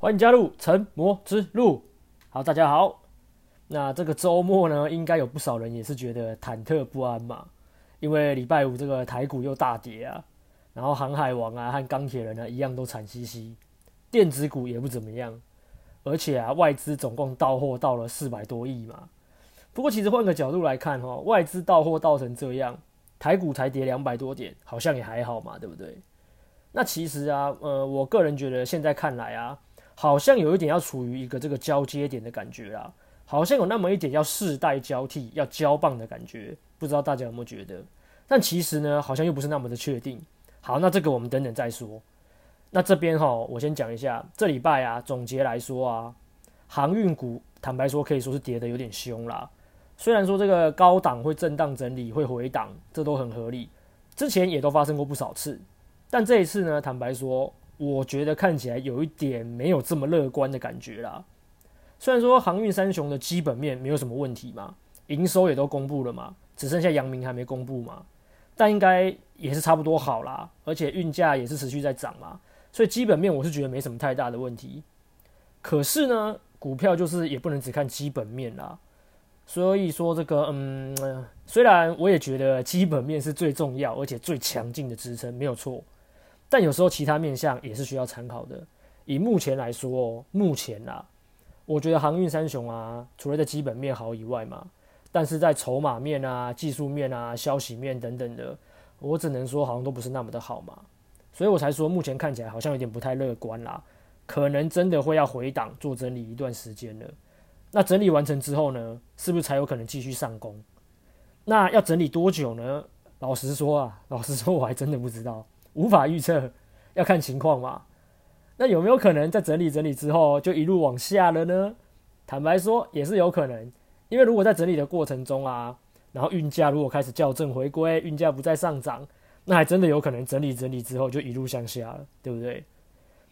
歡迎加入成魔之路。好，大家好。那這個周末呢，應該有不少人也是覺得忐忑不安嘛，因為禮拜五這個台股又大跌啊，然後航海王啊和鋼鐵人呢、啊、一樣都慘兮兮，電子股也不怎麼樣。而且啊，外資總共到貨到了四百多億嘛。不過其實換個角度來看哈、哦，外資到貨到成這樣，台股才跌兩百多點，好像也還好嘛，對不對？那其實啊，呃，我個人覺得現在看來啊。好像有一點要處於一個這個交接點的感覺啦，好像有那麼一點要世代交替、要交棒的感覺，不知道大家有沒有覺得？但其實呢，好像又不是那麼的確定。好，那這個我們等等再說。那這邊哈，我先講一下，這禮拜啊，總結來說啊，航運股坦白說可以說是跌得有點兇啦。雖然說這個高檔會震盪整理、會回檔，這都很合理，之前也都發生過不少次。但這一次呢，坦白說。我覺得看起來有一點沒有這麼樂觀的感覺啦。雖然說航運三雄的基本面沒有什麼問題嘛，營收也都公布了嘛，只剩下陽明還沒公布嘛，但應該也是差不多好啦，而且運價也是持續在漲嘛，所以基本面我是覺得沒什麼太大的問題。可是呢，股票就是也不能只看基本面啦。所以說這個，嗯，雖然我也覺得基本面是最重要而且最強勁的支撐，沒有錯。但有時候其他面向也是需要參考的。以目前來說，目前啊，我覺得航運三雄啊，除了在基本面好以外嘛，但是在籌碼面啊、技術面啊、消息面等等的，我只能說好像都不是那麼的好嘛。所以我才說目前看起來好像有點不太樂觀啦，可能真的會要回檔做整理一段時間了。那整理完成之後呢，是不是才有可能繼續上攻？那要整理多久呢？老實說啊，老實說，我還真的不知道。無法預測，要看情況嘛。那有沒有可能在整理整理之後就一路往下了呢？坦白說，也是有可能。因為如果在整理的過程中啊，然後運價如果開始校正回歸，運價不再上漲，那還真的有可能整理整理之後就一路向下了，對不對？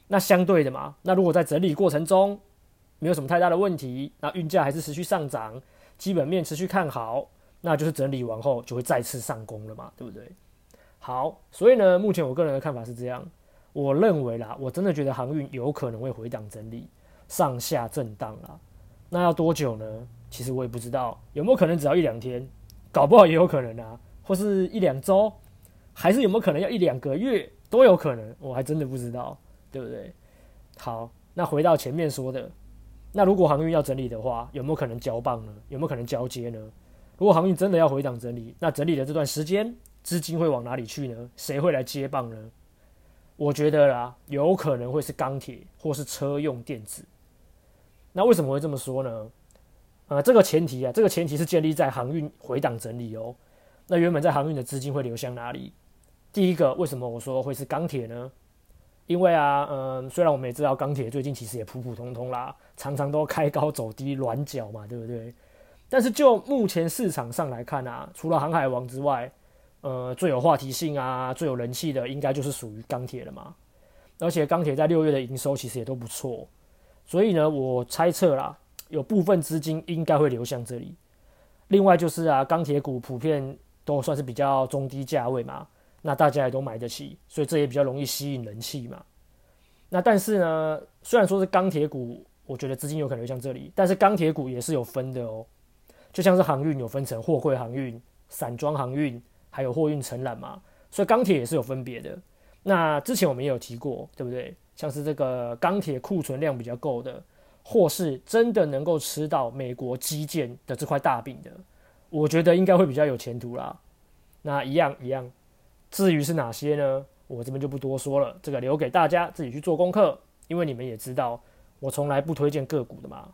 那相對的嘛，那如果在整理過程中沒有什麼太大的問題，那運價還是持續上漲，基本面持續看好，那就是整理完後就會再次上攻了嘛，對不對？好，所以呢，目前我個人的看法是這樣，我認為啦，我真的覺得航運有可能會回檔整理，上下震盪啊，那要多久呢？其實我也不知道，有沒有可能只要一兩天，搞不好也有可能啊，或是一兩週，還是有沒有可能要一兩個月都有可能，我還真的不知道，對不對？好，那回到前面說的，那如果航運要整理的話，有沒有可能交棒呢？有沒有可能交接呢？如果航運真的要回檔整理，那整理的這段時間。資金會往哪裡去呢？誰會來接棒呢？我覺得啦，有可能會是鋼鐵或是車用電子。那為什麼會這麼說呢？啊、呃，這個前提啊，這個前提是建立在航運回檔整理哦。那原本在航運的資金會流向哪裡？第一個，為什麼我說會是鋼鐵呢？因為啊，嗯，雖然我們也知道鋼鐵最近其實也普普通通啦，常常都開高走低、軟腳嘛，對不對？但是就目前市場上來看啊，除了航海王之外，呃、嗯，最有話題性啊，最有人氣的應該就是屬於鋼鐵了嘛。而且鋼鐵在六月的營收其實也都不錯，所以呢，我猜測啦，有部分資金應該會流向這裡。另外就是啊，鋼鐵股普遍都算是比較中低價位嘛，那大家也都買得起，所以這也比較容易吸引人氣嘛。那但是呢，雖然說是鋼鐵股，我覺得資金有可能流向這裡，但是鋼鐵股也是有分的哦，就像是航運有分成貨櫃航運、散裝航運。還有貨運承攬嘛，所以鋼鐵也是有分別的。那之前我們也有提過，對不對？像是這個鋼鐵庫存量比較夠的，或是真的能夠吃到美國基建的這塊大餅的，我覺得應該會比較有前途啦。那一樣一樣，至於是哪些呢？我這邊就不多說了，這個留給大家自己去做功課，因為你們也知道，我從來不推薦個股的嘛。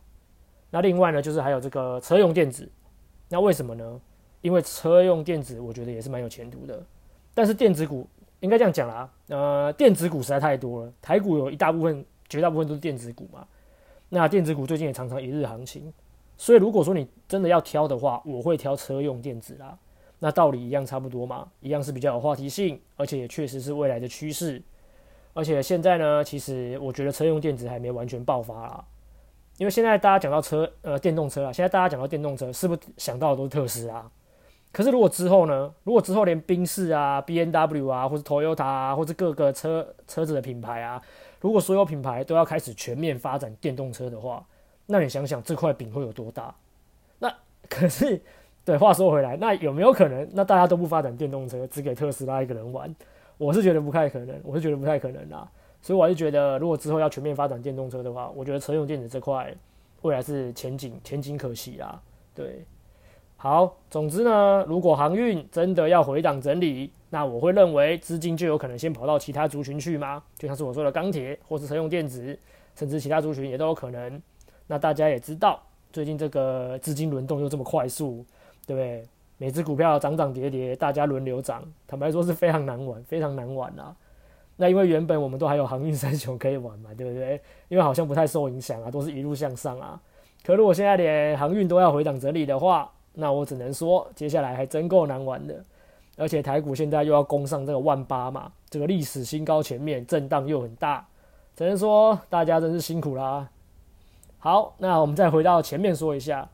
那另外呢，就是還有這個車用電子。那為什麼呢？因為車用電子，我覺得也是蠻有前途的。但是電子股應該這樣講啦，呃，電子股實在太多了。台股有一大部分，絕大部分都是電子股嘛。那電子股最近也常常一日行情，所以如果說你真的要挑的話，我會挑車用電子啦。那道理一樣差不多嘛，一樣是比較有話題性，而且也確實是未來的趨勢。而且現在呢，其實我覺得車用電子還沒完全爆發啦，因為現在大家講到車，呃，電動車啦，現在大家講到電動車，是不是想到的都是特斯拉？可是如果之後呢？如果之後連賓士啊、B N W 啊，或是 Toyota 啊，或是各個車車子的品牌啊，如果所有品牌都要開始全面發展電動車的話，那你想想這塊餅會有多大？那可是，對，話說回來，那有沒有可能？那大家都不發展電動車，只給特斯拉一個人玩？我是覺得不太可能，我是覺得不太可能啦。所以我是覺得，如果之後要全面發展電動車的話，我覺得車用電子這塊未來是前景前景可喜啊，對。好，總之呢，如果航運真的要回檔整理，那我會認為資金就有可能先跑到其他族群去嗎？就像是我說的鋼鐵，或是車用電子，甚至其他族群也都有可能。那大家也知道，最近這個資金輪動又這麼快速，對不對？每隻股票漲漲跌跌，大家輪流漲，坦白說是非常難玩，非常難玩啊。那因為原本我們都還有航運三雄可以玩嘛，對不對？因為好像不太受影響啊，都是一路向上啊。可如果現在連航運都要回檔整理的話，那我只能說，接下來還真夠難玩的，而且台股現在又要攻上這個萬八嘛，這個歷史新高前面震盪又很大，只能說大家真是辛苦啦。好，那我們再回到前面說一下，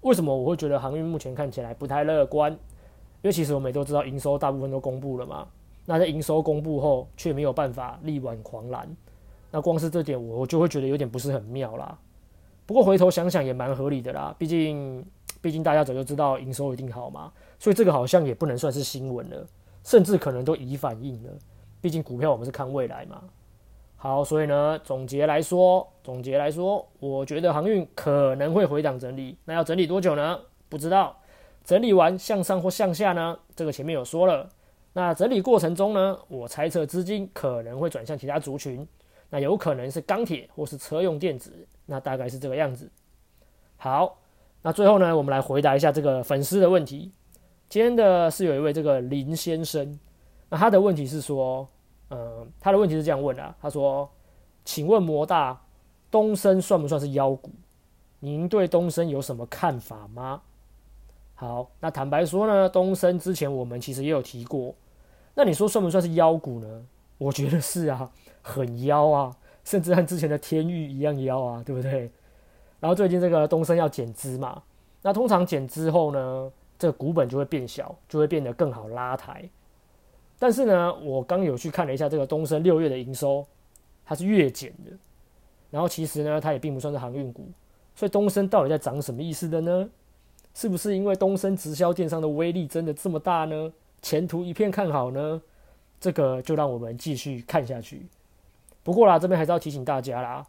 為什麼我會覺得航運目前看起來不太樂觀？因為其實我們也都知道營收大部分都公布了嘛，那在營收公布後卻沒有辦法力挽狂瀾，那光是這點我我就會覺得有點不是很妙啦。不過回頭想想也蠻合理的啦，畢竟。畢竟大家早就知道營收一定好嘛，所以這個好像也不能算是新聞了，甚至可能都已反應了。畢竟股票我們是看未來嘛。好，所以呢，總結來說，總結來說，我覺得航運可能會回檔整理，那要整理多久呢？不知道。整理完向上或向下呢？這個前面有說了。那整理過程中呢，我猜測資金可能會轉向其他族群，那有可能是鋼鐵或是車用電子，那大概是這個樣子。好。那最後呢，我們來回答一下這個粉絲的問題。今天的是有一位這個林先生，那他的問題是說，嗯，他的問題是這樣問的、啊，他說：“請問魔大東森算不算是妖股？您對東森有什麼看法嗎？”好，那坦白說呢，東森之前我們其實也有提過，那你說算不算是妖股呢？我覺得是啊，很妖啊，甚至和之前的天鈺一樣妖啊，對不對？然後最近這個東森要減資嘛。那通常減資後呢，這個股本就會變小，就會變得更好拉抬。但是呢，我剛有去看了一下這個東森六月的營收，它是月減的。然後其實呢，它也並不算是航運股，所以東森到底在漲什麼意思的呢？是不是因為東森直銷電商的威力真的這麼大呢？前途一片看好呢？這個就讓我們繼續看下去。不過啦，這邊還是要提醒大家啦。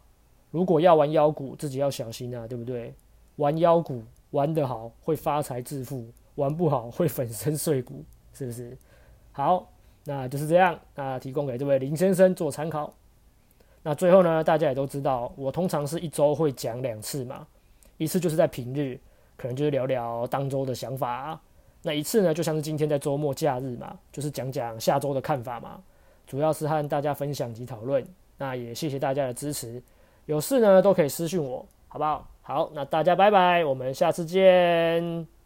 如果要玩妖股，自己要小心啊，對不對？玩妖股玩得好會發財致富，玩不好會粉身碎骨，是不是？好，那就是這樣啊，那提供給這位林先生做參考。那最後呢，大家也都知道，我通常是一周會講兩次嘛，一次就是在平日，可能就是聊聊當周的想法啊，那一次呢，就像是今天在周末假日嘛，就是講講下周的看法嘛，主要是和大家分享及討論。那也謝謝大家的支持。有事呢，都可以私訊我，好不好？好，那大家拜拜，我們下次見。